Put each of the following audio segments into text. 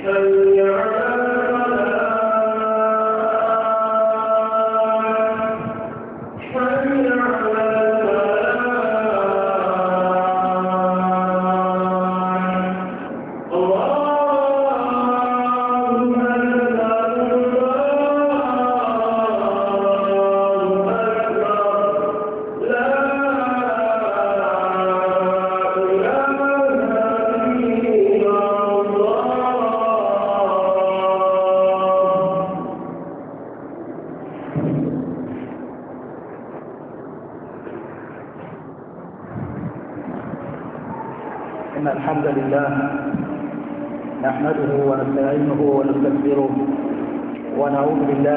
Thank you.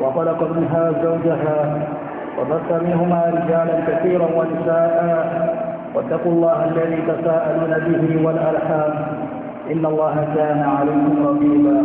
وخلق منها زوجها وبث منهما رجالا كثيرا ونساء واتقوا الله الذي تساءلون به والأرحام إن الله كان عليكم رقيبا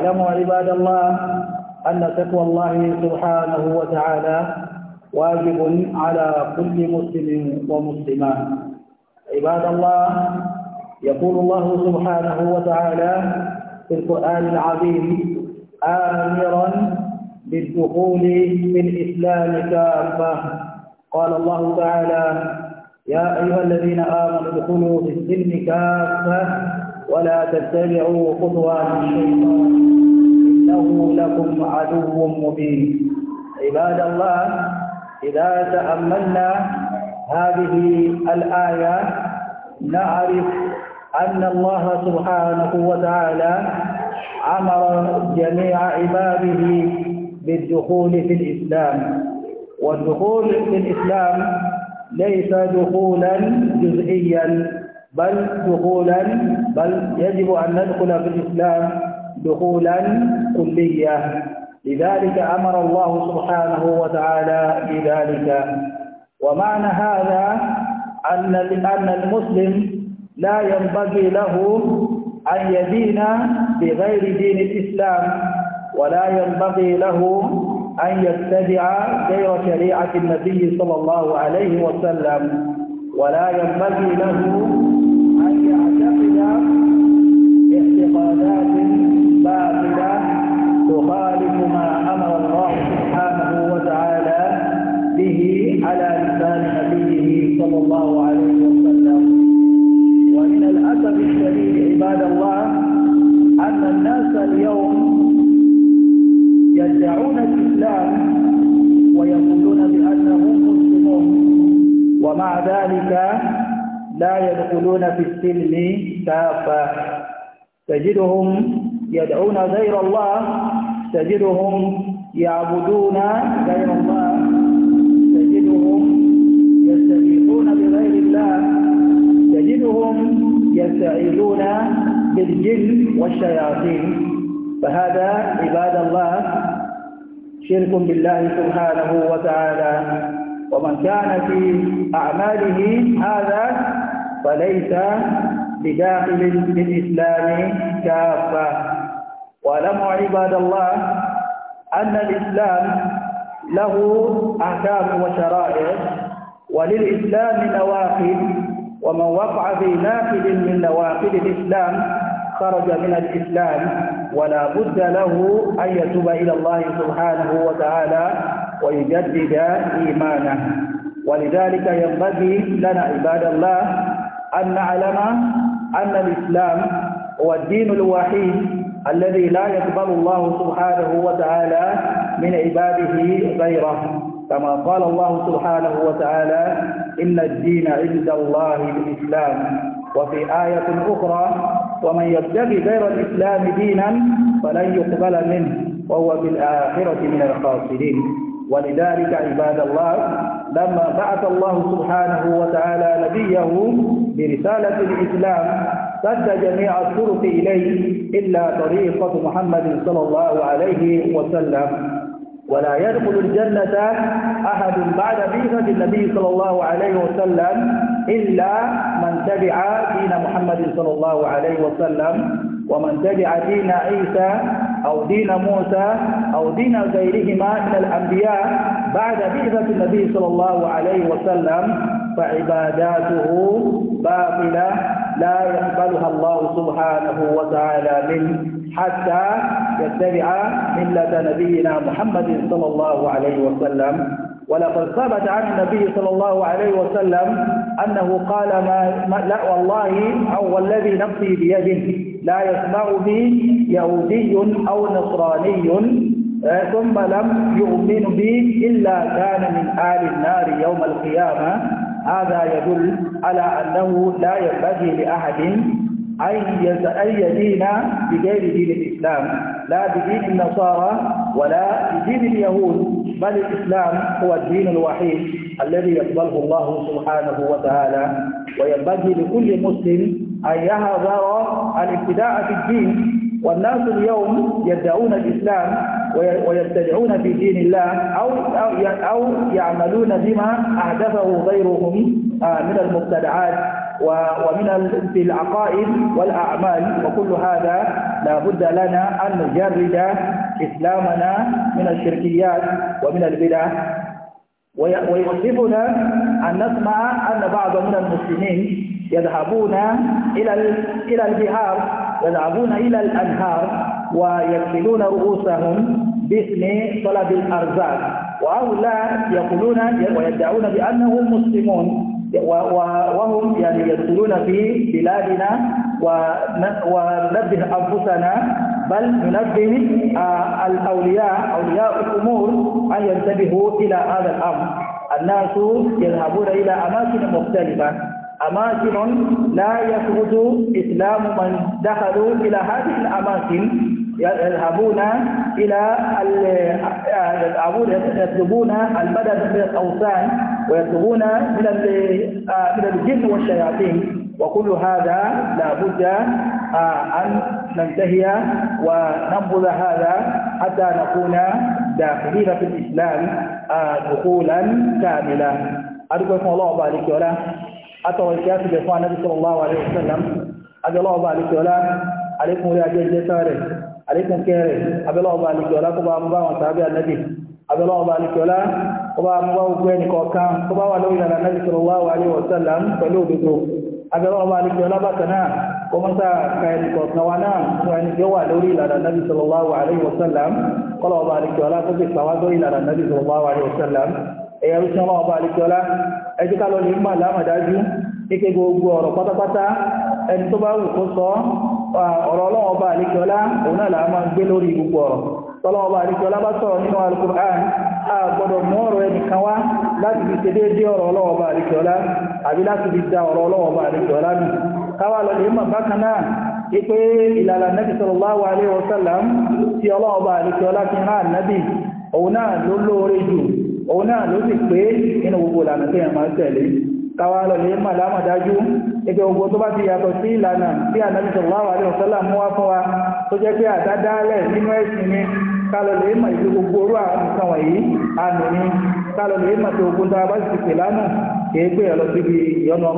واعلموا عباد الله أن تقوى الله سبحانه وتعالى واجب على كل مسلم ومسلمة عباد الله يقول الله سبحانه وتعالى في القرآن العظيم آمرا بالدخول في الإسلام كافة قال الله تعالى يا أيها الذين آمنوا ادخلوا في السلم كافة ولا تتبعوا خطوات الشيطان إنه لكم عدو مبين عباد الله إذا تأملنا هذه الآية نعرف أن الله سبحانه وتعالى أمر جميع عباده بالدخول في الإسلام والدخول في الإسلام ليس دخولا جزئيا بل دخولا بل يجب أن ندخل في الإسلام دخولا كليا لذلك أمر الله سبحانه وتعالى بذلك ومعنى هذا أن أن المسلم لا ينبغي له أن يدين بغير دين الإسلام ولا ينبغي له أن يتبع غير شريعة النبي صلى الله عليه وسلم ولا ينبغي له الإسلام ويقولون بأنهم مسلمون ومع ذلك لا يدخلون في السلم كافة تجدهم يدعون غير الله تجدهم يعبدون غير الله تجدهم يستغيثون بغير الله تجدهم يستعيذون بالجن والشياطين فهذا عباد الله شرك بالله سبحانه وتعالى ومن كان في أعماله هذا فليس بداخل الإسلام كافة ولم عباد الله أن الإسلام له أحكام وشرائع وللإسلام نواقض ومن وقع في نافذ من نواقض الإسلام خرج من الإسلام ولا بد له أن يتوب إلى الله سبحانه وتعالى ويجدد إيمانه ولذلك ينبغي لنا عباد الله أن نعلم أن الإسلام هو الدين الوحيد الذي لا يقبل الله سبحانه وتعالى من عباده غيره كما قال الله سبحانه وتعالى إن الدين عند الله الإسلام وفي آية أخرى ومن يبتغي غير الإسلام دينا فلن يقبل منه وهو في الآخرة من الخاسرين ولذلك عباد الله لما بعث الله سبحانه وتعالى نبيه برسالة الإسلام سد جميع الطرق إليه إلا طريقة محمد صلى الله عليه وسلم ولا يدخل الجنة أحد بعد بيثة النبي صلى الله عليه وسلم إلا من تبع دين محمد صلى الله عليه وسلم ومن تبع دين عيسى أو دين موسى أو دين غيرهما من الأنبياء بعد بيثة النبي صلى الله عليه وسلم فعباداته باطلة لا يقبلها الله سبحانه وتعالى منه حتى يتبع ملة نبينا محمد صلى الله عليه وسلم ولقد ثبت عن النبي صلى الله عليه وسلم أنه قال ما, ما لا والله أو والذي نفسي بيده لا يسمع بي يهودي أو نصراني آه، ثم لم يؤمن بي إلا كان من آل النار يوم القيامة هذا يدل على أنه لا ينبغي لأحد أن يدين بغير دين الإسلام لا بدين النصارى ولا بدين اليهود بل الإسلام هو الدين الوحيد الذي يقبله الله سبحانه وتعالى وينبغي لكل مسلم أن يهذر الابتداء في الدين والناس اليوم يدعون الإسلام ويبتدعون في دين الله أو أو يعملون بما أحدثه غيرهم آه، من المبتدعات ومن في العقائد والأعمال وكل هذا لا بد لنا أن نجرد إسلامنا من الشركيات ومن البدع ويؤسفنا أن نسمع أن بعض من المسلمين يذهبون إلى إلى البهار يذهبون إلى الأنهار ويكفلون رؤوسهم باسم طلب الأرزاق وهؤلاء يقولون ويدعون بأنهم مسلمون وهم يعني يدخلون في بلادنا وننبه أنفسنا بل ننبه الأولياء أولياء الأمور أن ينتبهوا إلى هذا الأمر الناس يذهبون إلى أماكن مختلفة أماكن لا يخرج إسلام من دخلوا إلى هذه الأماكن يذهبون إلى يذهبون يطلبون المدد من الأوثان ويطلبون من من الجن والشياطين وكل هذا لا بد آه، أن ننتهي وننبذ هذا حتى نكون داخلين في الإسلام آه، دخولا كاملا أرجو الله بارك ولا atọ̀rọ̀ ìṣẹ́ àti ìbẹ̀fún anábì sallallahu alaihi wasallam ajọ́lọ́ọ̀bá àlejòọlá àlékún orí ajé jẹ́sà rẹ̀ àlékún kẹrẹ̀ abẹ́lọ́ọ̀bá àlejòọlá kó bá mú bá wọn tàbí anábì abẹ́lọ́ọ̀bá àlejòọlá kó bá mú bá gbogbo ẹnì kọ̀ọ̀kan náà fún ẹni tí wà lórí ìlànà anábì sallallahu alaihi wasallam kọ́lọ́ọ̀bá tó fi pàwá ìlànà anábì sallallahu alaihi ẹ̀yà ẹjẹ́ ká lọ lè mọ̀ lámàdájú ike gbogbo ọ̀rọ̀ pátápátá ẹni tó bá wù kó sọ ọ̀rọ̀ ọlọ́wọ́ bá àlékiọlá òun náà làá máa gbé lórí gbogbo ọ̀rọ̀ tọ́lọ́wọ́ bá àlékiọlá bá sọ̀rọ̀ nínú alukur'an a gbọ́dọ̀ mú ọ̀rọ̀ ẹnìkan wá láti fi ṣe déédéé ọ̀rọ̀ ọlọ́wọ́ bá àlékiọlá àbí láti fi da ipe ìlànà nẹ́bí sallallahu alaihi wasallam tí ọlọ́wọ́ bá àlékiọlá rán ànábì òun náà ló lóore jù òun náà ló sì pé nínú gbogbo ìlànà tí èèyàn tẹ̀lé káwá lọ lè mà ẹgbẹ́ ogun tó bá ti yàtọ̀ sí ìlànà tí mú wá fún wa tó jẹ́ pé àdádálẹ̀ nínú ẹ̀sìn ni lè mà ìlú gbogbo orú àwọn wọ̀nyí àmì ni kálọ̀ lè mà tó ogun tó a bá ti pè lánà kìí pé ọ̀lọ́ síbi ìyọnu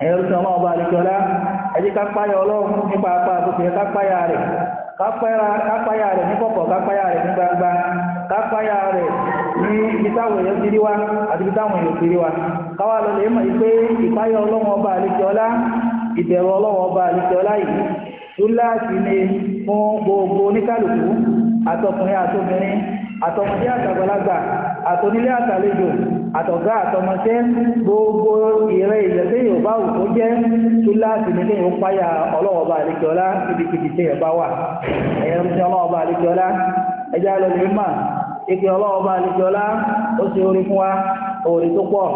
ẹ̀yọ́ kápáyà rẹ̀ ní ibítàwọn èèyàn kiri wa àti ibítàwọn èèyàn kiri wa káwà lọ lè mọ̀ pé ìpáyà ọlọ́wọ́ ọba àlekíọ́lá ìbẹ̀rù ọlọ́wọ́ ọba àlekíọ́lá yìí túláàsì ni fún gbogbo oníkàlùkù àtọkùnrin àtobìnrin àtọmọdé àtàgbàlagbà àtonílé àtàlejò àtọ̀gá àtọmọṣẹ́ gbogbo ìrẹ́ ìjẹsẹ́ yorùbá òkú jẹ́ túláàsì ní kéèyàn páyà ọlọ́wọ́ba àlekíọ́lá ibikíbi tí ẹ̀ bá wà ẹ̀yẹ́ ń tẹ́ ọlọ́wọ́ba àlekíọ́lá ẹjá lọ lè máa ike ọlọ́ọ̀bá àlejọ́lá ó ṣe orí fún wa orí tó pọ̀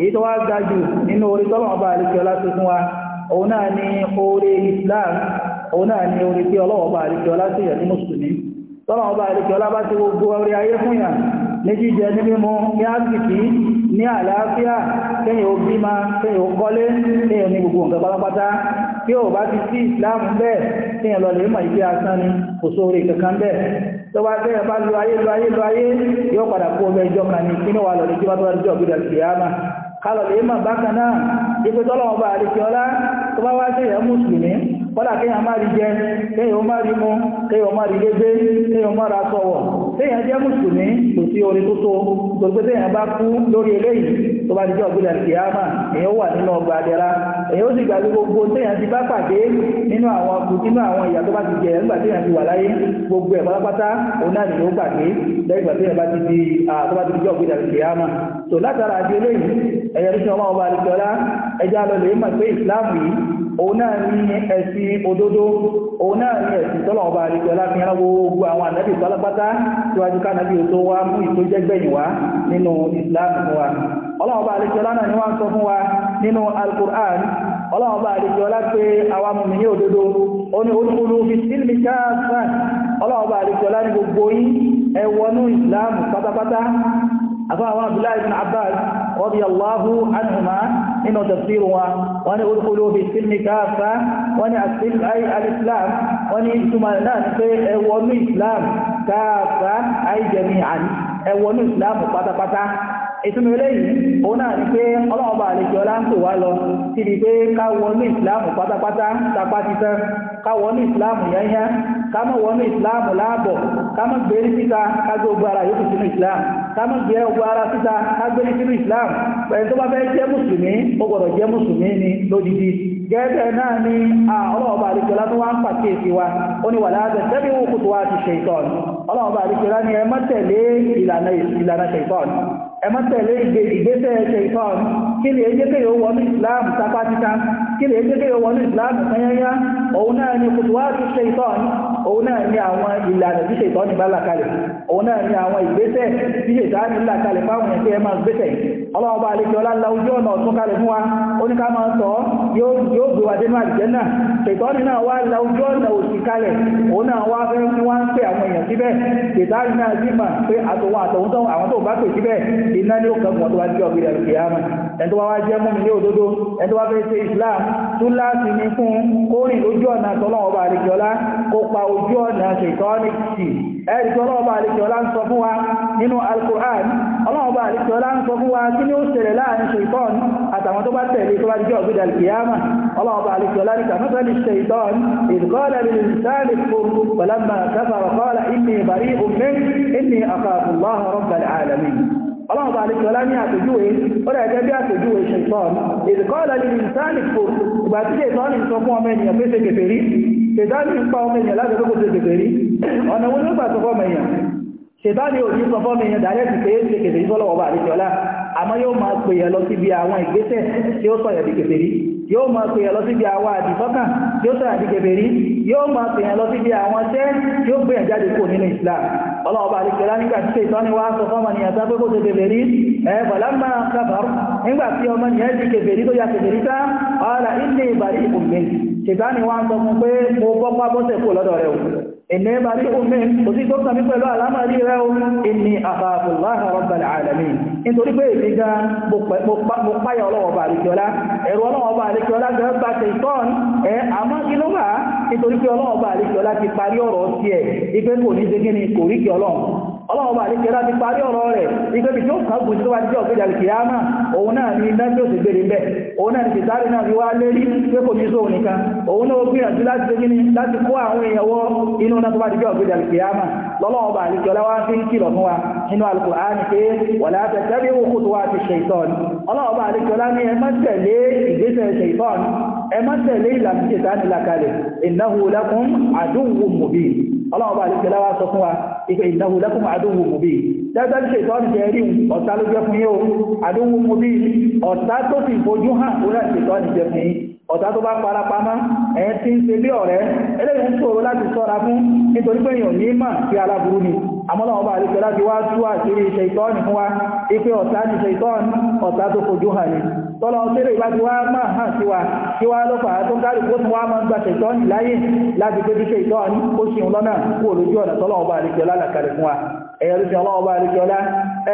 èyí tó wá ga jù nínú orí tọ́lọ́ọ̀bá àlejọ́lá ṣe fún wa òun náà ni orí Islam òun náà ni orí tí ọlọ́ọ̀bá àlejọ́lá ṣe yẹ̀ ní mùsùlùmí tọ́lọ́ọ̀bá àlejọ́lá bá ti gbogbo orí ayé fún yàn ní jíjẹ ní mímu ní àsìkí ní àlàáfíà kẹ́yìn òbí ma kẹ́yìn òkọ́lé kẹ́yìn ní gbogbo nǹkan pátápátá tí ó bá ti sí Islam bẹ́ẹ̀ kẹ́yìn lọ lè mọ̀ ìgbé asán ni kò sóore kankan bẹ́ẹ̀ tó bá gbé ẹ̀bá lu ayé lu ayé lu ayé yóò padà kó ọmọ ẹjọ́ kan ní inú wa lọ́dún tí wọ́n tó wá lọ́dún ọ̀gbìn àti ìyáàmà kálọ̀ lè má bákan náà ipò tọ́lọ̀ ọba àlejò ọlá tó wá sí ẹ̀yà mùsùlùmí kọ́lá kéèyàn má rí jẹ kéèyàn má rí mu kéèyàn má rí gbégbé kéèyàn má ra sọ̀wọ̀ téèyàn jẹ́ mùsùlùmí kò sí orin tó tó gbogbo téèyàn bá kú lórí eléyìí tó bá dijọ́ gbé lẹ́sìn àmà èèyàn wà nínú ọgbà àdẹ́ra èèyàn ó sì gbàgbé gbogbo téèyàn ti bá pàdé nínú àwọn nínú àwọn ìyà tó bá ti jẹ nígbà téèyàn ti wà láyé gbogbo ẹ̀ pátápátá òun náà nìyó gbàgbé lẹ́yìn ìgbà téèyàn bá ti di tó bá ti dijọ́ gbé lẹ́sìn àmà tó látara àdé eléyìí ẹ̀yẹ ní sọ́mọ́ ọba àdìsọ́lá ẹja lọ àlejò aláfihàn rán gbogbo àwọn ànábì pátápátá síwájú kánábì tó wá mú ìtójẹ́gbẹ̀yìn wá nínú islam fún wa ọlọ́run bá àlejò ọlá náà ni wọ́n sọ fún wa nínú al-Qur'an ọlọ́run bá àlejò ọlá pé àwa mùmí ní òdodo ó ní olúkúlú fi sílmi káàkiri ọlọ́run bá àlejò ọlá gbogbo yín ẹ islam pátápátá أفاوى عبد الله بن عباس رضي الله عنهما إنه تفسيرها وأن أدخلوا في السلم كافة وأن السلم أي الإسلام وأن ثم الناس وأن الإسلام كافة أي جميعا وأن الإسلام قطع قطع ìtumọ̀ eléyìí òun náà ni pé ọlọ́ọ̀bà àlejò ọlá wá lọ síbi pé káwọn ní ìsìláàmù pátápátá tapá ti tán káwọn ní ìsìláàmù yányá kámọ̀ wọnú Islam láàbọ̀ kámọ̀ gbérí síta kágbé ogun ara yóò sínú ìsìláàmù kámọ̀ gbé ogun ara síta kágbérí sínú ìsìláàmù pẹ̀lú tó bá fẹ́ jẹ́ mùsùlùmí ó gbọ́dọ̀ jẹ́ mùsùlùmí ni lódìdí gẹ́gẹ́ náà ni ọlọ́ọ̀bà àríkẹ́lá tó wá ń pàkíyèsí wa ó ní wà láàbẹ̀ tẹ́bí wò kùtù wá ti ṣètọ́n ọlọ́ọ̀bà àríkẹ́lá ni ẹ má tẹ̀lé ìlànà ṣètọ́n ẹ má tẹ̀lé ìgbésẹ̀ ṣètọ́n kí ni ẹ jẹ́ kéèyàn wọnú ìsìláàmù sápá títà kíni ẹgbẹ́gbẹ́ wọnú ìsìláàmù kanyanya òun náà ni kùtùwàtù ṣèitọ́ni òun náà ni àwọn ìlànà bí ṣèitọ́ni bá làkalẹ̀ òun náà ni àwọn ìgbésẹ̀ bí ṣèitọ́ni làkalẹ̀ fáwọn ẹ̀kẹ́ ẹ máa gbésẹ̀ yìí ọlọ́ọ̀bá alẹ́kẹ́ ọlá ńlá ojú ọ̀nà ọ̀tún kalẹ̀ fún wa oníká máa sọ yóò gbé wa dénú àlùjánnà ṣètọ́nì náà wá ńlá ojú ọ̀nà òsì kalẹ̀ òun náà wá fẹ́ fún wa ń pè àwọn èèyàn síbẹ̀ ṣètọ́nì náà sì mà pé àtòwọn àtòwọn tó àwọn tó bá pè síbẹ̀ iná Islam tún láti ní fún kórìn lójú ọ̀nà tọ́lọ́ọ̀bá alẹ́kẹ́ ọlá kó pa ojú ọ̀nà ṣètọ́nì tì ẹ̀rì ń sọ fún wa nínú Al-Qur'an ọlọ́ọ̀bá alẹ́kẹ́ ọlá ń sọ fún wa kí ni ó ṣẹlẹ̀ láàrin ṣèitọ́n àtàwọn tó bá tẹ̀lé tó bá jẹ́ ọ̀gbẹ́dà kìyàmà ọlọ́ọ̀bà àlejò láríkà mọ́sálì ṣèitọ́n ìdíkọ́lẹ̀ lè sáàlì kúrú pẹ̀lẹ́mà káfàrà kọ́lá ìní ìbàrí omi ìní àkàkùnláhà rọ́bàlì àlàmì ọlọ́ọ̀bà àlejò lá ní àpèjúwe ó rẹ̀ gẹ́gẹ́ bí àpèjúwe ṣèitọ́n ìdíkọ́lẹ̀ lè sáàlì kúrú ìgbà tí ṣèitọ́n sọ fún ọmọ ènìyàn pé ṣe kèfèrí ṣèitọ́n ń pa ọmọ àmọ́ yóò máa pè yẹn lọ síbi àwọn ìgbésẹ̀ tí ó sọ̀yẹ̀ di kèfèrí yóò máa pè yẹn lọ síbi àwọn àdìsọ́kàn tí ó sọ̀yẹ̀ di kèfèrí yóò máa pè yẹn lọ síbi àwọn iṣẹ́ tí ó gbé yẹn jáde kúrò nínú Islam ọlọ́ọ̀bá àdìsẹ́lá nígbà tí ṣètọ́ ni wàá sọ fọ́mọ nìyẹn tó pé kó ṣe kèfèrí ẹ bọ̀lá máa kábàá nígbà tí ọmọ nìyẹn di kèfèrí tó ya kèfèrí tán ọ̀rà ilé ìbàrí ìkùnmí ṣètọ́ ni wàá ẹ̀mẹ́ bá rí omi kò sí dókítà mi pẹ̀lú àlámàrí rẹ̀ o inni àbàbùláhà rabbal alamin nítorí pé èmi ga mo páyà ọlọ́wọ́ bá àríkíọ́lá ẹ̀rù ọlọ́wọ́ bá àríkíọ́lá gan bá ṣe ìtọ́n ẹ àmọ́ kí ló bá nítorí pé ọlọ́wọ́ bá àríkíọ́lá ni kò rí kí ọlọ́ọ̀bà àríkẹ́lá ti parí ọ̀rọ̀ rẹ̀ ìgbébì tí ó kàgbù tí ó wá jẹ́ ọ̀gbẹ́jà kìíyàmà òun náà ni iná tí ó sì gbèrè mẹ́ òun náà ni kìtàrí náà fi wá lérí pé kò ní só nìkan òun náà gbìyànjú láti ṣe gíní láti kó àwọn èèyànwọ́ inú náà tó bá jẹ́ ọ̀gbẹ́jà kìíyàmà lọ́lọ́ọ̀bà àríkẹ́lá wá fi ń kìlọ̀ fún wa nínú alukùránì pé wala tatabi'u khutuwati shaytan ọlọ́ọ̀bà àríkẹ́lá ní ẹ má tẹ̀lé ìgbésẹ̀ shaytan ẹ má tẹ̀lé ìlànà tí ìtàn ìlàkalẹ̀ innahu lakum aduwwun mubin ọlọ́ọ̀bà àríkẹ́lá wá sọ fún wa ìpè ìnáwó lẹ́kùn àdóhùn mòbí dáadáa ṣe ìtọ́ ní jẹ́rí ọ̀tá ló jẹ́ fún yóò àdóhùn mòbí ọ̀tá tó fi fojú hàn ó láti ṣètọ́ ní jẹ́ fún yìí ọ̀tá tó bá parapamọ́ ẹ̀yẹn tí ń ṣe bí ọ̀rẹ́ eléyìí ń ṣòro láti sọ́ra fún nítorí pé èèyàn ní mà sí aláburú ni àmọ́lọ́wọ́ bá àríkẹ́ láti wá tú àṣírí ṣaitọ́ọ̀nì fún wa ipé ọ̀tá ti ṣaitọ́ọ̀nì ọ̀tá tó fojú hàn ní tọ́lọ sílẹ̀ ìbá ti wá máa hàn sí wa kí wá ló fà á tó ń kárí kó tún wá máa ń gba ṣaitọ́ọ̀nì láyé láti pé bí ṣaitọ́ọ̀nì ó ṣe lọ́nà kú olójú ọ̀nà tọ́lọ́wọ́ bá àríkẹ́ lálàkalẹ̀ fún wa ẹ̀yẹ̀rùsí ọlọ́ọ̀bá àríkọlá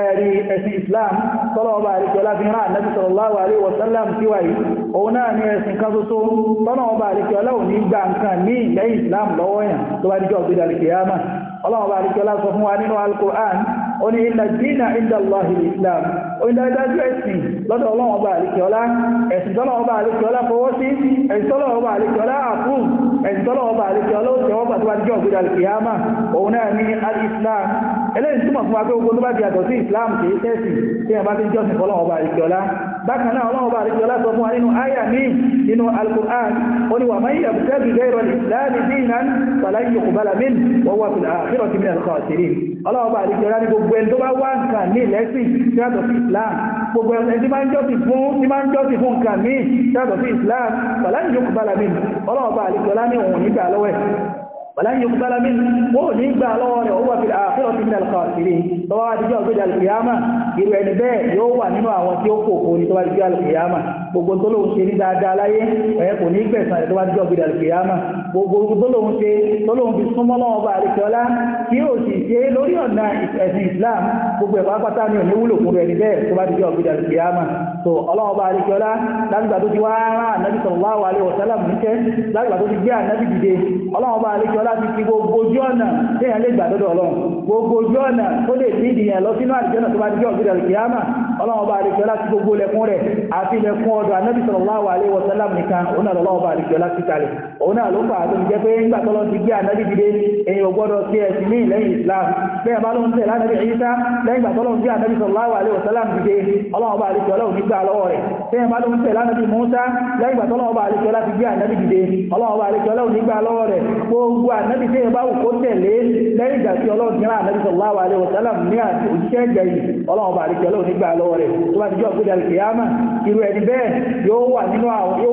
ẹ̀rí ẹ̀sìn islam tọ́lọ́ọ̀bá àríkọlá fi rán ànábì sallallahu alaihi wasallam síwáyí òun náà ní ẹ̀sìn kan ṣoṣo tọ́lọ́ọ̀bá àríkọlá ò ní gba nǹkan ní ilẹ̀ islam lọ́wọ́ yàn tó bá díjọ́ gbé ó ní ilẹ̀ dínà ìdá Allahi Islam ó ní dájú ẹ̀sìn lọ́dọ̀ ọlọ́wọ́ bá àríkẹ́ọlá ẹ̀sìn tọ́lọ́wọ́ bá àríkẹ́ọlá fọwọ́ sí ẹ̀sìn tọ́lọ́wọ́ bá àríkẹ́ọlá àfún ẹ̀sìn tọ́lọ́wọ́ bá àríkẹ́ọlá ó tẹ́wọ́ bá tó bá jọ ògbéra kìyàmà òun náà ní al-Islam eléyìí túmọ̀ fún wa pé ogun tó bá di àtọ̀ sí Islam kìí tẹ́sì tí a bá ti jọ́sìn fọlọ́wọ́ bá àríkẹ́ọlá bákan náà ọlọ́wọ́ bá àríkẹ́ọlá sọ fún wa nínú àyà mi nínú al ó ní wa man yabtaghi ghayra al-Islami ọlọ́ọ̀bà àdíkẹ́ rá ní gbogbo ẹni tó bá wá nǹkan ní ìlẹ́sìn yàtọ̀ sí Islam gbogbo ẹni tí máa ń jọ́sìn fún tí máa ń jọ́sìn fún nǹkan ní yàtọ̀ sí Islam pàlàyé yóò kúbálà mí ọlọ́ọ̀bà àdíkẹ́ ní òun nígbà lọ́wọ́ ẹ̀ ولن يقبل منه مؤمن بالون وهو في الآخرة من الخاسرين طبعا تجي أقول القيامة يروي نبي يوم أنه أوان تيوكو كوني طبعا تجي القيامة بقول تلو شيني دادا gbogbo gbólóhùn ṣe tọ́lóhùn fi súnmọ́ lọ́wọ́ bá àríkẹ́ọ́lá kí ó sì ṣe lórí ọ̀nà ẹ̀sìn Islam gbogbo ẹ̀fà pátá ní òní wúlò fún ẹni bẹ́ẹ̀ tó bá ti jẹ́ ọ̀gbẹ́dà sí àmà tó ọlọ́wọ́ bá àríkẹ́ọ́lá lágbà tó ti wá rán ànábì sallallahu alaihi wasallam níṣẹ́ lágbà tó ti gbé ànábì dìde ọlọ́wọ́ bá àríkẹ́ọ́lá tó fi jẹ́ pé nígbà tó lọ ti gbé ànábì dìde èyàn gbọ́dọ̀ sí ẹ̀sìn ní ìlẹ́yìn Islam bẹ́ẹ̀ bá ló ń tẹ̀lé ànábì Ìsá lẹ́yìn ìgbà tó lọ gbé ànábì sallallahu alaihi wasallam dìde ọlọ́run bá àlejò ọlọ́run nígbà lọ́wọ́ rẹ̀ bẹ́ẹ̀ bá ló ń tẹ̀lé ànábì Mùsá lẹ́yìn ìgbà tó lọ́wọ́ bá àlejò ọlá ti gbé ànábì dìde ọlọ́run bá àlejò ọlọ́run nígbà lọ́wọ́ rẹ̀ gbogbo ànábì tẹ́yẹ bá wù kó tẹ̀lé lẹ́yìn ìgbà tí ọlọ́run jẹ́ra ànábì sallallahu alaihi wasallam ní àti òṣìṣẹ́ ìjẹyìn ọlọ́run bá àlejò ọlọ́run nígbà lọ́wọ́ rẹ̀ tó bá ti jọ́ òkúta ìkìyàmà irú ẹni bẹ́ẹ̀ yóò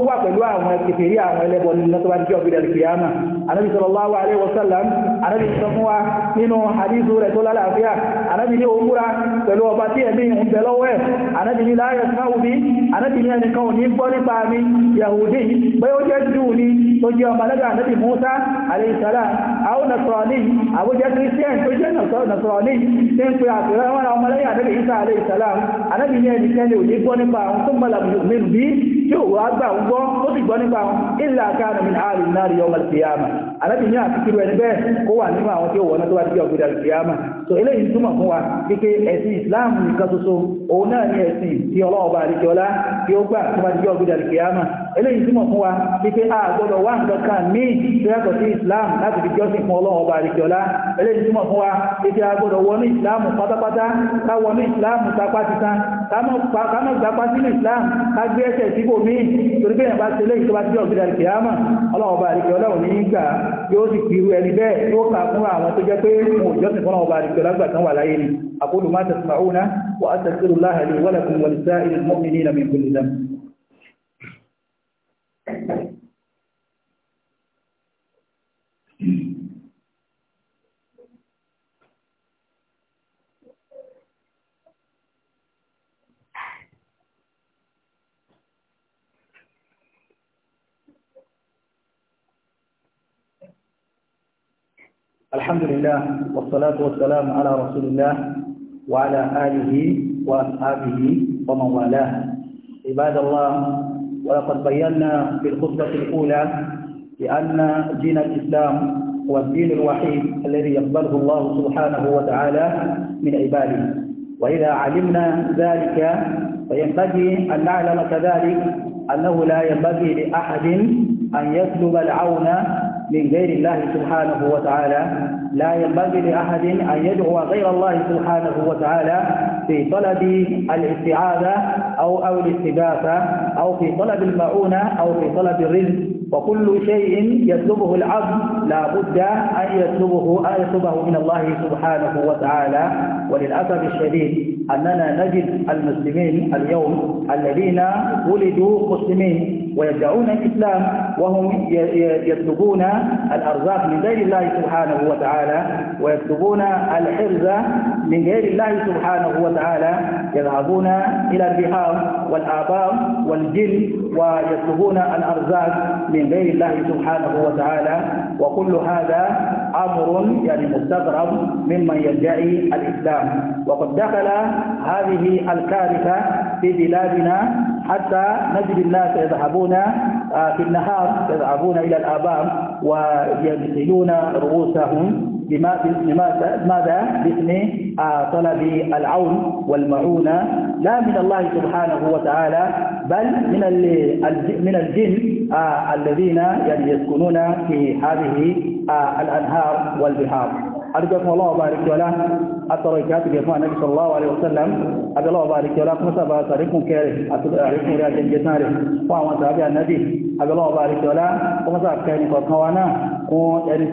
wà pẹ̀lú àwọn kèfèrí àwọn ẹlẹ́bọ nínú tó bá ti jọ́ kìyàmà anábì sallallahu alaihi wasallam anábì sọ fún wa nínú hadithu rẹ̀ tó lálàáfíà anábì ní òun múra pẹ̀lú ọba tí ẹ̀mí ń bẹ lọ́wọ́ ẹ̀ anábì ní láyé sáwù bí anábì ní ẹnìkan ò ní gbọ́ nípa mi yahudi pé ó jẹ́ jù ní tó jẹ́ ọmọ lẹ́gbẹ̀ anábì musa alaihi salam àwọn nasrani àbújẹ́ christian tó jẹ́ nasrani tí ń pe àpẹẹrẹ wọn ọmọ lẹ́yìn anábì isa alaihi salam anábì ní ẹnìkan ò ní gbọ́ nípa àwọn tó mọ̀lá bí yóò wá gbà ń gbọ́ ó sì gbọ́ nípa àwọn ilẹ̀ àkàrà mi àárín náà yawmal qiyamah alábìnrin àti kiri ẹni bẹ́ẹ̀ kó wà nínú àwọn tí ó wọ̀ náà tó wà sí ọ̀gbìn so eléyìí túmọ̀ fún wa pípé ẹ̀sìn islam nìkan ṣoṣo òun náà ní ẹ̀sìn tí ọlọ́ọ̀bá àríkẹ́ọlá tí ó gbà tó bá jẹ́ ọgbẹ́dà àríkẹ́yàmà eléyìí túmọ̀ fún wa pípé a gbọ́dọ̀ wá nǹkan kan ní ìtìrẹ́kọ̀ sí islam láti fi jọ́sìn fún ọlọ́ọ̀bá àríkẹ́ọlá eléyìí túmọ̀ fún wa pípé a gbọ́dọ̀ wọnú islam pátápátá ká wọnú islam tapá titan ká mọ̀ gbapá sínú islam ká gbé ẹsẹ̀ síbò míì torí bẹ́ẹ̀ bá ṣe léyìí tó bá jẹ́ ọgbẹ́dà àríkẹ́yàmà ọlọ́ọ̀bá àríkẹ́ọlá ò ní í gbà yóò sì fi irú ẹni bẹ́ẹ̀ yóò kà fún àwọn tó jẹ́ pé wọn jọ́sìn fún ọlọ́ọ̀bá àríkẹ́ الأكبر كان وعلى أقول ما تسمعون وأستغفر الله لي ولكم ولسائر المؤمنين من كل ذنب الحمد لله والصلاة والسلام على رسول الله وعلى آله وأصحابه ومن والاه عباد الله ولقد بينا في الخطبة الأولى بأن دين الإسلام هو الدين الوحيد الذي يقبله الله سبحانه وتعالى من عباده وإذا علمنا ذلك فينبغي أن نعلم كذلك أنه لا ينبغي لأحد أن يسلب العون من غير الله سبحانه وتعالى لا ينبغي لأحد أن يدعو غير الله سبحانه وتعالى في طلب الاستعاذة أو أو الاستغاثة أو في طلب المعونة أو في طلب الرزق وكل شيء يطلبه العبد لا بد أن يطلبه أن يطلبه من الله سبحانه وتعالى وللأسف الشديد أننا نجد المسلمين اليوم الذين ولدوا مسلمين ويدعون الإسلام وهم يطلبون الأرزاق من غير الله سبحانه وتعالى ويطلبون الحرز من غير الله سبحانه وتعالى يذهبون إلى البحار والآبار والجن ويطلبون الأرزاق من غير الله سبحانه وتعالى وكل هذا أمر يعني مستغرب ممن يدعي الإسلام وقد دخل هذه الكارثة في بلادنا حتى نجد الناس يذهبون آه، في النهار يذهبون إلى الآبام ويغسلون رؤوسهم لماذا؟ باسم آه، طلب العون والمعونة لا من الله سبحانه وتعالى بل من من الجن آه، الذين يعني يسكنون في هذه الأنهار والبحار أرجوكم الله وبارك له atọrọ ìkàtìgẹ̀ fún anábi sallallahu alaihi wasallam adọ́lọ́wọ́ bá rikẹ́ ọlá kúmọ́sà bá sàríkún kẹrẹ àríkún rẹ̀ ajẹ́jẹ́sán rẹ̀ fún àwọn sàábí anábi adọ́lọ́wọ́ bá rikẹ́ ọlá kúmọ́sà kẹrin kọ̀kan wa náà kún ẹni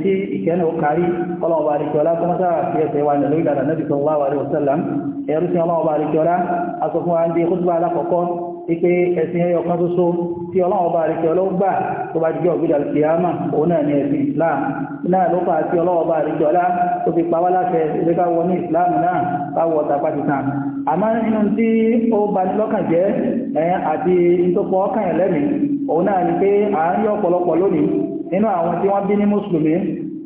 tí ipe ẹ̀sìn ẹyọ kan ṣoṣo tí ọlọ́run bá àríkẹ́ ọlọ́gbà tó bá jíjọ́ ògbìdà kìámà òun náà ni ẹ̀sìn islam náà ló fà á tí ọlọ́run bá àríkẹ́ ọlá tó fi pa wá láṣẹ ilé ká wọ ní islam náà bá wọ ọ̀tà pakistan àmọ́ nínú tí ó bani lọ́kàn jẹ́ ẹ̀yìn àti ìtòpọ̀ ọkàn yẹn lẹ́mìí òun náà ni pé à ń yọ ọ̀pọ̀lọpọ̀ lónìí nínú àwọn tí wọ́n bí ní mùsùlùmí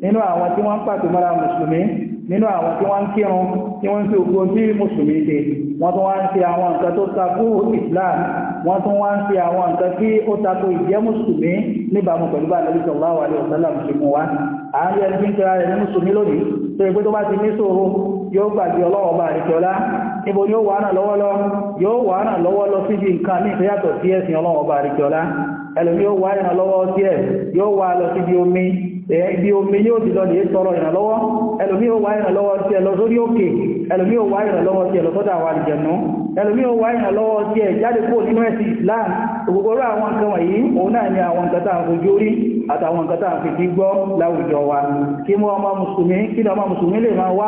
nínú àwọn tí wọ́n ń pàtó mọ́ra mùsùlùmí nínú àwọn tí wọ́n ń kírun tí wọ́n ń fi ògbó tí mùsùlùmí ṣe wọ́n tún wá ń fi àwọn nǹkan tó takú islam wọ́n tún wá ń fi àwọn nǹkan tí ó takú ìjẹ́ mùsùlùmí níbàámu pẹ̀lú bá àlejò sallallahu alaihi wasallam ṣe mú wa à ń yẹ ní kíra rẹ̀ ní mùsùlùmí lónìí tó ìgbé tó bá ti ní ṣòro yóò gbàgbé ọlọ́wọ́ bá àríkọ́lá níbo ni ó wà náà lọ́wọ́ lọ yóò wà náà lọ́wọ́ lọ síbi nǹkan ní ìfẹ́yàtọ̀ sí ẹ̀sìn ọlọ́wọ́ bá àríkọ́lá ẹlòmí yóò wà náà lọ́wọ́ sí ẹ̀ yóò wà lọ síbi omi ẹ̀ẹ́bí omi yóò ti lọ lè tọrọ ìrànlọ́wọ́ ẹlòmí ó wá ìrànlọ́wọ́ tí ẹ lọ sórí òkè ẹlòmí ó wá ìrànlọ́wọ́ tí ẹ lọ sọ́dọ̀ àwọn àlùjànnú ẹlòmí ó wá ìrànlọ́wọ́ tí ẹ jáde kó nínú ẹ̀sìn Islam ògbogbo àwọn nǹkan wọ̀nyí òun náà ni àwọn nǹkan tá à àtàwọn nǹkan táà fi kí gbọ́ láwùjọ wa kí mú ọmọ mùsùlùmí kí ní ọmọ mùsùlùmí lè máa wá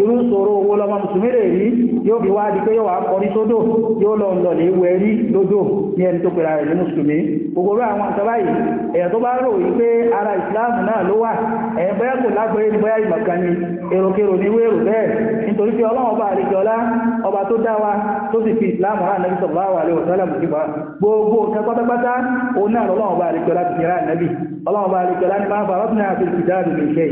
irú ìṣòro owó lọmọ mùsùlùmí lè rí yóò fi wá di pé yóò wá kọrí sódò yóò lọ lọ lè wẹ rí lódò ní ẹni tó pera rẹ̀ ní mùsùlùmí gbogbo bí àwọn nǹkan báyìí èèyàn tó bá rò wí pé ara ìsìláàmù náà ló wà ẹ̀yìn bóyá kò lágbóyè ní bóyá ìmọ̀kan ni èròkèrò ní wéèrò bẹ́ẹ̀ nítorí pé ọlọ́run ọba àríjọlá ọba tó dá wa tó sì fi ìsìláàmù rà nàbí sallallahu alaihi wasallam gbogbo nǹkan pátápátá òun náà lọ́lọ́run ọba àríjọlá ti fi rà nàbí ọlọ́ọ̀bá alìkọlá ní máa fara ní àti ìdáàbì lè ṣe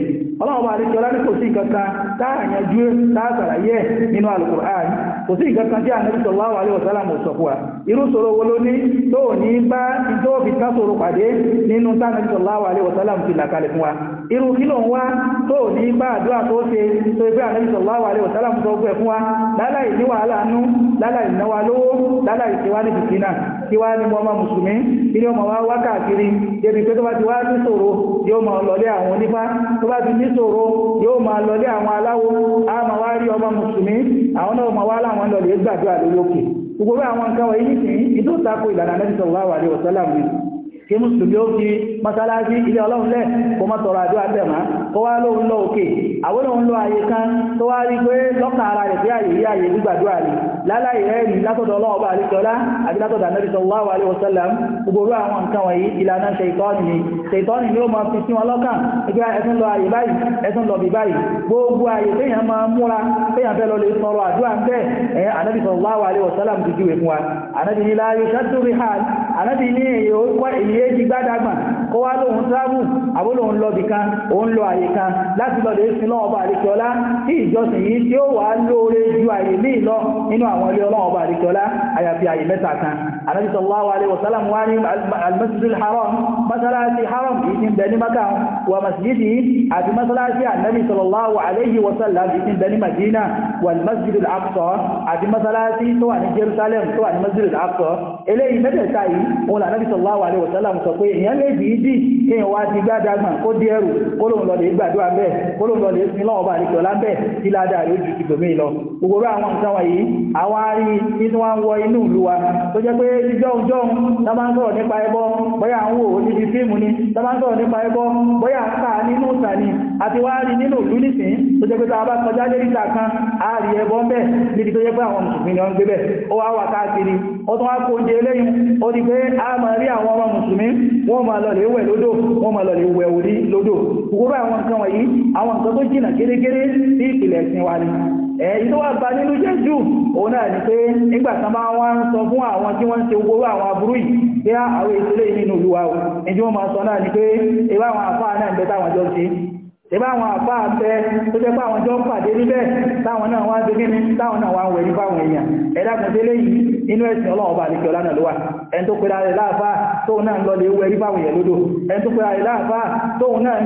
ọlọ́ọ̀bá alìkọlá ní kò sí ìkọta táàyànjú tààtàràyẹ nínú alìkọ̀án kò sí ìkọta tí a ní sallallahu alaihi wasallam sọ̀fúwa irú sọ̀rọ̀ wo ló ní tó ní bá ìjọ́ òfin ká sọ̀rọ̀ pàdé nínú tánàbí sallallahu irú kí ló ń wá tó ní bá àdúrà tó ṣe tó ẹgbẹ́ Ànábì sallallahu alaihi wasallam tó gbẹ̀ fún wa láláì ní wàhálà nú láláì náwà lówó láláì tí wá ní bìkínà kí wá ní ọmọ mùsùlùmí kí ni ọmọ wá wá káàkiri débi pé tó bá ti wá ní ṣòro yóò máa lọlé àwọn onífá tó bá ti ní ṣòro yóò máa lọlé àwọn aláwo a máa wá rí ọmọ mùsùlùmí àwọn náà máa wá láwọn lọlé gbàdúrà lórí òkè gbogbo àwọn nǹkan wọ̀nyí nìsín ìdó tako ìlànà Ànábì sallallahu alaihi wasallam kí mùsùlùmí ó fi mọ́sálásí ilé ọlọ́run lẹ́ kó mọ́ tọrọ àdúrà tẹ̀mà kó wá lóun lọ òkè àwọn òun lọ àyè kan tó wá rí pé lọ́kà ara rẹ̀ pé àyè yí àyè gbígbàdúrà rí láláì rẹ̀ rí látọ̀dọ̀ ọlọ́ọ̀bà àríkọlá àti látọ̀dọ̀ anábì sallallahu alaihi wasallam gbogbo àwọn nǹkan wọ̀nyí ìlànà ṣètọ́nì ni ṣètọ́nì ni ó máa fi sí wọn lọ́kàn ẹgbẹ́ ẹtún lọ àyè báyìí ẹtún lọ bí báyìí gbogbo àyè téèyàn máa múra téèyàn fẹ́ èyí ti gbádàgbà kó wá lóhun tábù àbó lóhun lọ́bì kan òun lọ àyè kan láti lọ́dẹ̀ sí náà ọba àríkọlá tí ìjọsìn yìí tí ó wà lóore ju àyè míì lọ nínú àwọn ilé ọlọ́run ọba àríkọlá àyàfi àyè mẹ́ta kan Ànábì sallallahu alaihi wasallam wá ní almasjidil haram masalasi haram ìsìn bẹni maka wa masjidi àti masalasi annabi sallallahu alaihi wasallam ìsìn bẹni madina wal masjidil aqsa àti masalasi tó wà ní jerusalem tó wà ní dídì kí n wá di gbádàgbà kó di ẹrù kó lóun lọ lè gbàdúrà bẹ́ẹ̀ kó lóun lọ lè sin lọ́wọ́ bá àdìsọ lábẹ́ tí ládàá rẹ̀ ojú ìgbòmí lọ gbogbo àwọn nǹkan wọ̀nyí àwọn arí inú wa ń wọ inú ìlú wa tó jẹ́ pé jọ́hùn-jọ́hùn tá máa ń sọ̀rọ̀ nípa ẹbọ bóyá à ń wò ó níbi fíìmù ni tá máa ń sọ̀rọ̀ nípa ẹbọ bóyá à ń kà nínú ìtàn ni àti wá rí nínú ìlú nìsín tó jẹ́ pé tá a bá kọjá lérí ìta kan a rí ẹbọ ń bẹ̀ níbi tó jẹ́ pé àwọn mùsùlùmí ni wọ́n ń gbé bẹ̀ ó wá wà káàkiri ó tún wá kó oúnjẹ eléyìí ó di pé a máa rí àwọn ọmọ mùsùlùmí wọ́n máa lọ lè wẹ̀ lódò wọ́n máa lọ lè wẹ̀ orí lódò gbogbo àwọn nǹkan wọ̀nyí àwọn nǹkan tó jìnà gẹ́gẹ́rẹ́ sí ìpìlẹ̀ ẹ̀sìn wa ni èyí tó wà bá nínú jẹ́ jù òun náà ni pé nígbàtán bá wọ́n ń sọ fún àwọn tí wọ́n ń ṣe gbogbo àwọn aburú yìí ìbá àwọn àpá àfẹ́ tó jẹ́ pé àwọn jọ ń pàdé níbẹ̀ táwọn náà wá dé kíní táwọn náà wá ń wẹ̀ ní fáwọn èèyàn ẹ̀dàkùnjẹ́ lẹ́yìn inú ẹ̀sìn ọlọ́run ọba àdìkẹ́ ọlá náà ló wà ẹni tó pèrà rẹ̀ láàfá tóun náà ń lọ lè wẹ̀ ní fáwọn èèyàn lódò ẹni tó pèrà rẹ̀ láàfá tóun náà ń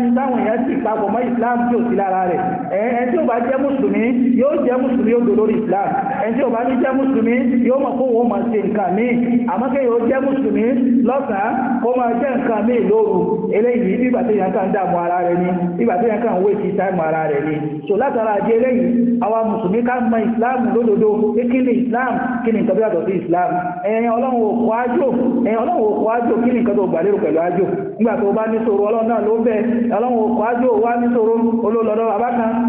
ní táwọn èèyàn sì papọ̀ mọ́ islam tí ò sí lára rẹ̀ ẹ̀ẹ́n tí ò bá jẹ́ mùsùlùmí yóò jẹ́ mùsùlùmí yóò dolórí islam ẹ̀ẹ́n tí ò bá ní jẹ́ mùsùlùmí yóò mọ̀ kó wọ́n máa ṣe nǹkan míì àmọ́ kí yóò jẹ́ mùsùlùmí lọ́sàn-án kó máa jẹ́ nǹkan míì lóru eléyìí bígbà tó yàn kàn dààmú ara rẹ̀ ni bígbà tó yàn kàn wé sí táìmù ara rẹ̀ ni so látara àjẹ eléyìí àwa mùsùlùmí ká mọ islam lódodo pé kí ni islam kí ni nǹkan tó yàtọ̀ sí islam ẹ̀yìn ọlọ́run ò kọ́ ájò ẹ̀yìn ọlọ́run ò kọ́ ájò kí ni nǹkan tó gbà pẹ̀lú ájò nígbà tó bá ní sọ̀rọ̀ ọlọ́run náà ló bẹ́ẹ̀ ọlọ́run òkú ájò wá nítorò olólọ́dọ́ bàbá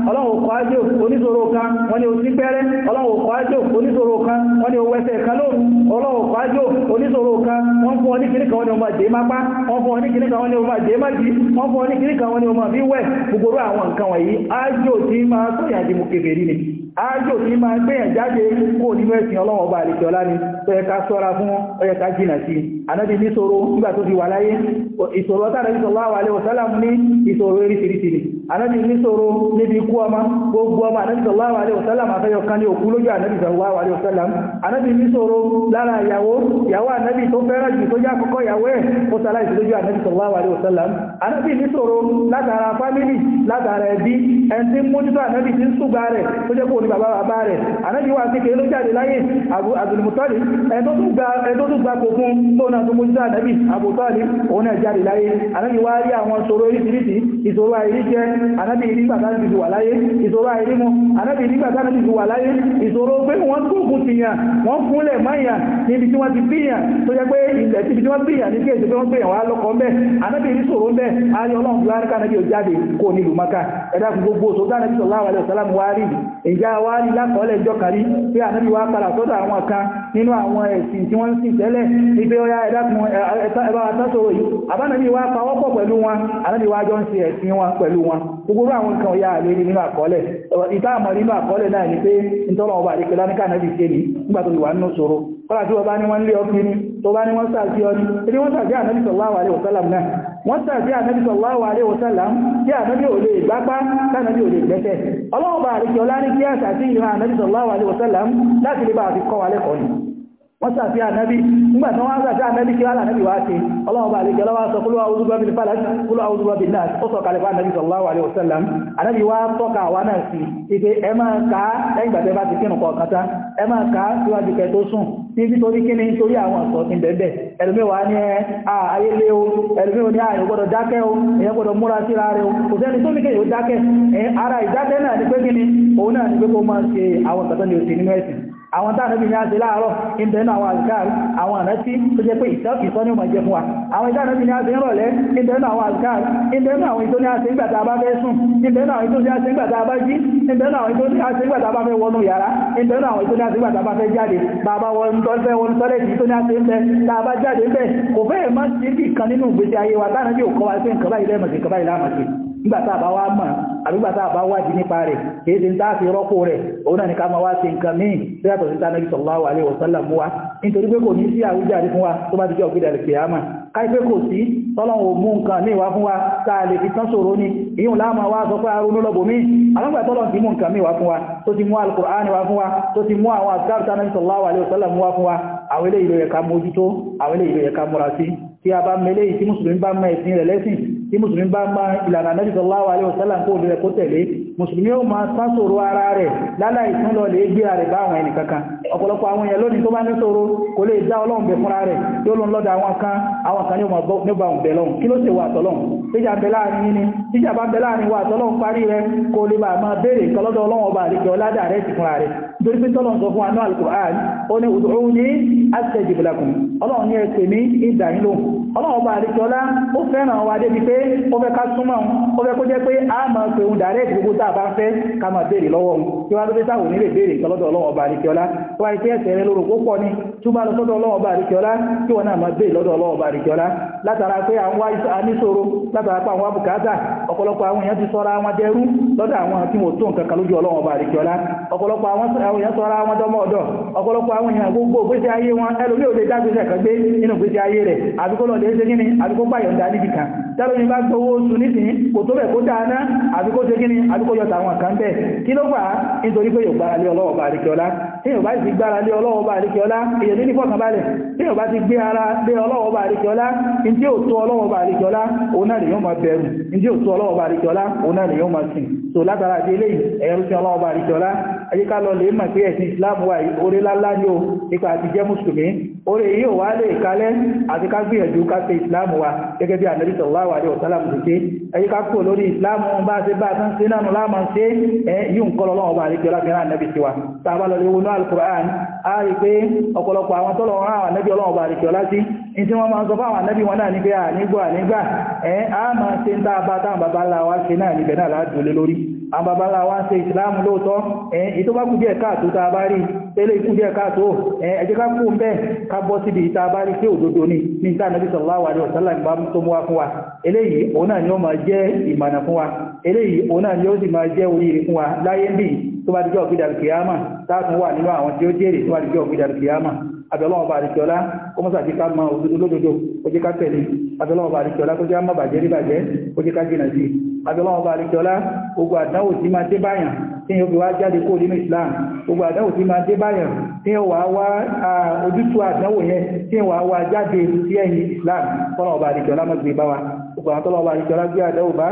ọlọ́run òkú ájò oníṣòro kan wọ́n ní òsí pẹ́rẹ́ ọlọ́run òkú ájò oníṣòro kan wọ́n ní owó ẹsẹ̀ kan lóòrùn ọlọ́run òkú ájò oníṣòro kan wọ́n fún ọ ní kìnìkan wọn ni ọmọ àjẹ́ mápá wọ́n fún ọ ní wọ́n ni ájò tí máa gbéyàn jáde kó nínú ẹ̀sìn ọlọ́wọ̀n ọba àlejò ọlá ni tó yẹ ká sọ́ra fún ó yẹ ká jìnà sí anábi ní ṣòro nígbà tó fi wà láyé ìṣòro ọ̀tàrà sallallahu alaihi wasallam ní ìṣòro eríṣiríṣi ni anábi ní ṣòro níbi ikú ọmọ gbogbo ọmọ anábi sallallahu alaihi wasallam àfẹ́yọ kan ní òkú lójú anábi sallallahu alaihi wasallam anábi ní ṣòro lára ìyàwó ìyàwó anábi tó fẹ́ràn jù tó jẹ́ àkọ́kọ́ ìyàwó ẹ̀ ó sálá ìṣòlójú anábi sallallahu alaihi wasallam anábi ní ṣòro látara fámìlì látara ẹbí ẹni tí mójútó anábi ti ń súgbà rẹ̀ tó jẹ́ kó ní bàbá bàbá rẹ̀ ànábì wà kékeré ló jáde láyé àbùdùmùtọ́lì ẹ̀ẹ́dọ́dúgba kòkun tó náà tó mójútó ànábì àbùtọ́lì òun náà jáde láyé ànábì wá rí àwọn ìṣòro oríṣiríṣi ìṣòro àìrí jẹ ànábì nígbà tánàbì ti wà láyé ìṣòro àìrí mu ànábì nígbà tánàbì ti wà láyé ìṣòro pé wọ́n kókun ti yàn wọ́n kúnlẹ̀ máyàn níbi tí wọ́n ti bíyàn tó jẹ́ pé ilẹ̀ tíbi tí wọ́n bíyàn ní kéèjì pé wọ́n bíyàn wá lọ́kọ̀ọ́ mbẹ́ ànábì ní ṣòro mbẹ́ ayé ọlọ́run ti wá rí kánàbì ò jáde kó nílùú maka ẹ̀dá gbogbo òṣòdá ànábì sọ̀lá táwa rí lákọọ́lẹ̀ ìjọ kàrí pé ànábì wá padà sọ́dọ̀ àwọn kan nínú àwọn ẹ̀sìn tí wọ́n ń sìn tẹ́lẹ̀ ní pé ọya ẹ̀dàkùn ẹ̀bá wa tásòrò yìí àbánàbí wá pawọ́pọ̀ pẹ̀lú wọn ànábì wá jọ ń ṣe ẹ̀sìn wọn pẹ̀lú wọn gbogbo àwọn nǹkan ọ̀yà àlè nínú àkọọ́lẹ̀ ìta àmọ́ nínú àkọọ́lẹ̀ náà ni pé nítorí ọba àdékẹ́lá ní kànáà fi ṣe ní nígbà tó wà nínú ṣòro kọ́lá tí wọ́n bá ní wọ́n lé ọkùnrin tó bá ní wọ́n sàkí ọ ní wọ́n sàkí ànábì sallallahu alaihi wasallam náà wọ́n tàbí ànábì sallallahu alaihi wasallam kí ànábì ò lè gbápá tánàbí ò lè gbẹ́tẹ̀ ọlọ́ọ̀bà àríkẹ́ ọlá ní kí àṣà sí ìran ànábì sallallahu alaihi wasallam láti lè bá àfikọ́ wa wọ́n sàfihà nẹ́bí nígbàtí wọ́n sàfihà nẹ́bí kí lára nẹ́bí wá ṣe ọlọ́ọ̀bá àlejò ọlọ́wà sọ kúlọ́ àwùzúbọ́ bí falak kúlọ́ àwùzúbọ́ bí náà ó sọ kalẹ̀ bá nẹ́bí sallallahu alaihi wasallam ànẹ́bí wá tọ́ka wá náà sí ike ẹ máa ká lẹ́yìn gbàtẹ́ bá ti kínú kọ̀ọ̀kátá ẹ máa ká síwájú kẹ tó sùn nítorí kí ni nítorí àwọn ọ̀sọ̀ ti bẹ̀bẹ̀ ẹlùmíwà ní ayé lé o ẹlùmíwà ní ààyè gbọ́dọ̀ dákẹ́ o èyàn gbọ́dọ̀ múra àwọn táà níbi ní a ṣe láàárọ̀ ìbẹ̀nà àwọn àzìkáàrí àwọn àrántí tó jẹ́ pé ìsọ́ ní ọmọ ìjẹ fún wa àwọn ìtàà níbi ní a ṣe ń rọ̀lẹ́ ìbẹ̀nà àwọn àzìkáàrí ìbẹ̀nà àwọn ìtò ní a ṣe ń gbàtà bá fẹ́ sùn ìbẹ̀nà àwọn ìtò a ṣe ń gbàtà bá jí ìbẹ̀nà àwọn ìtò a ṣe ń gbàtà bá fẹ́ wọnú yàrá ìbẹ̀nà àwọn ìtò a ṣe ń gbàtà bá fẹ́ jáde bàbá wọn tó fẹ́ wọn a ṣe ń bẹ tá a bá jáde ń bẹ kò fẹ́ẹ̀ má sí ibì kan nínú ìgbésí ayé wa táà níbi òkọ́ wa sí nǹkan báyìí lẹ́mọ̀ sí nígbàtà bá wá mọ̀ àbígbàtà bá wádìí nípa rẹ̀ kìí ṣe ń tá rọ́pò rẹ̀ òun náà ni ká máa wá ṣe nǹkan míì tí sí tánàbí sallallahu alaihi wasallam wa nítorí pé kò ní sí àwíjàre fún wa tó bá ti jẹ́ ògbédàlẹ̀ kìyàmà káìpé kò sí tọ́lọ́wọ̀ mú nǹkan ní ìwá fún wa táà lè fi tán ṣòro ní ìyún láàmà wá sọ pé arúnú lọ́bọ̀ sallallahu alaihi wasallam wá fún wa àwọn ilé ìlò ẹ̀ka mójútó àwọn ilé ìlò ẹ̀ka múra sí tí a bá mẹ́lẹ́ ìtí tí mùsùlùmí bá máa ìlànà Ànábì sallallahu alaihi wasallam kó lè kó tẹ̀lé mùsùlùmí ó máa sásòrò ara rẹ̀ láláì tún lọ lè gbé rẹ̀ bá àwọn ẹnì kankan ọ̀pọ̀lọpọ̀ àwọn èèyàn lónìí tó bá ní sòro kò lè dá ọlọ́run bẹ̀ fúnra rẹ̀ yóò lọ lọ́dọ̀ àwọn kan àwọn kan ní ọba òǹbẹ̀ lọ́hùn kí ló ṣe wà tọ́lọ́hùn tíjà bẹ láàrin yín ni tíjà bá bẹ láàrin wà tọ́lọ́hùn parí rẹ̀ ó fẹ́ ká súnmọ́ òun ó fẹ́ kó jẹ́ pé a máa pe òun direct gbogbo tá a bá ń fẹ́ ká máa béèrè lọ́wọ́ òun kí wọ́n á lóde táwọn onílé béèrè ọlọ́wọ́ ọba àríkíọ́lá tó wáyé pé ẹsẹ̀ rẹ lóru ni lọ sọ́dọ̀ ọlọ́wọ́ ọba àríkíọ́lá kí wọ́n náà máa béèrè lọ́dọ̀ ọlọ́wọ́ ọba àríkíọ́lá látara pé à ń wá aníṣòro látara pé àwọn abùkátà ọ̀pọ̀lọpọ̀ àwọn èèyàn ti sọ́ra wọn dẹrú lọ́dọ̀ àwọn tí wọ́n tó nǹkan kan lójú ọlọ́wọ́ ọba àríkíọ́lá ọ̀pọ̀lọpọ̀ àwọn èèyàn sọ́ra wọn ọ̀dọ̀ tẹ́lómi bá gbowó oṣù nísìn kò tó bẹ̀ kó dáadáa àbí kó ṣe kí ni yọta àwọn kan bẹ́ẹ̀ kí ló fà á nítorí pé yóò gbára lé ọlọ́wọ́ bá àríkẹ́ ọlá tí yóò bá ti gbára lé ọlọ́wọ́ bá àríkẹ́ ọlá èyàn ní nífọ̀kànbalẹ̀ tí yóò bá ti gbé ara lé ọlọ́wọ́ bá àríkẹ́ ọlá ní tí yóò tó ọlọ́wọ́ bá àríkẹ́ ọlá òun náà orí èyí ò wá lè kalẹ́ àti ká gbìyànjú ká ṣe ìsìláàmù wa gẹ́gẹ́ bí ànábì sallallahu alaihi wasallam ṣe ẹ̀yí ká kúrò lórí ìsìláàmù bá ṣe bá tán sí náà láàmà ṣe ẹ̀ yíò ń kọlọ lọ́wọ́ bá rí jọlá mìíràn ànábì sí wa tàbá lọ léwu náà al a rí pé ọ̀pọ̀lọpọ̀ àwọn tọ́lọ̀ wọn àwọn ànábì ọlọ́wọ́ bá rí jọlá sí àbàbára wá ń ṣe ìsìláàmù lóòtọ́ ẹ̀yìn ìtó bá kú díẹ̀ káàtó tá a bá rí tẹ́lẹ̀ ikú díẹ̀ káàtó ẹ jẹ́ ká kú ń bẹ́ẹ̀ ká bọ́ síbi ìta bá rí sí òdodo ní ní ìta nàbí sallallahu alaihi wasallam bá tó mú wa fún wa eléyìí òun náà ni ó máa jẹ́ ìmọ̀nà fún wa tó bá dijọ́ òkúta kìyàmà táàtún wà nínú àwọn tí ó jèrè tó bá dijọ́ òkúta kìyàmà abẹ́lọ́wọ́ bá àdìsọ́lá kó mọ́sà ti ká mọ òdodo lódodo ó jẹ́ ká tẹ̀lé abẹ́lọ́wọ́ bá àdìsọ́lá kó jẹ́ á má bàjẹ́ rí bàjẹ́ ó jẹ́ ká jìnà sí abẹ́lọ́wọ́ bá àdìsọ́lá gbogbo àdánwò tí máa dé báyàn tí yóò fi wá jáde kó nínú Islam gbogbo àdánwò tí máa dé báyàn tí yóò wá wá ojútùú àdánwò yẹn tí yóò wá wá jáde sí ẹ̀yìn Islam kọ́lọ́wọ́ bá àdìsọ́lá mọ́ gbé bá wa gbogbo àwọn tọ́lọ́wọ́ bá àdìsọ́lá gbé àdánwò bá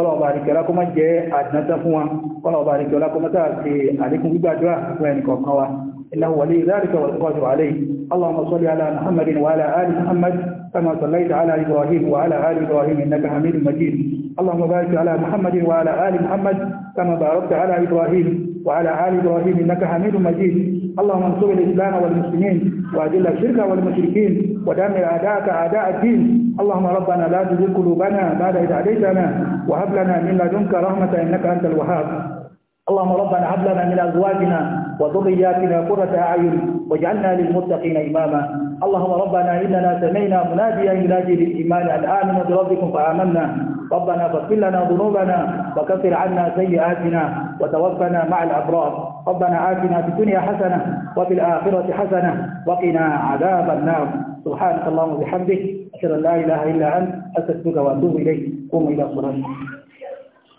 kọ́lọ̀ ọba àríkẹ́lá kó má jẹ́ àdínáta fún wa kọ́lọ̀ ọba àríkẹ́lá kó má tàà sí àlékún gbígbàdúrà fún ẹnìkọ̀ọ̀kan wa إنه ولي ذلك والقادر عليه اللهم صل على محمد وعلى آل محمد كما صليت على إبراهيم وعلى آل إبراهيم إنك حميد مجيد اللهم بارك على محمد وعلى آل محمد كما باركت على إبراهيم وعلى آل إبراهيم إنك حميد مجيد اللهم انصر الإسلام والمسلمين وأذل الشرك والمشركين ودمر أعداءك أعداء الدين اللهم ربنا لا تزغ قلوبنا بعد إذ هديتنا وهب لنا من لدنك رحمة إنك أنت الوهاب اللهم ربنا هب لنا من أزواجنا وذرياتنا قرة أعين واجعلنا للمتقين إماما اللهم ربنا إننا سمعنا مناديا ينادي للإيمان أن آمنوا بربكم فآمنا ربنا فاغفر لنا ذنوبنا وكفر عنا سيئاتنا وتوفنا مع الأبرار ربنا آتنا في الدنيا حسنة وفي الآخرة حسنة وقنا عذاب النار سبحانك اللهم وبحمدك أشهد أن لا إله إلا أنت أستغفرك وأتوب إليك قوموا إلى صلاتكم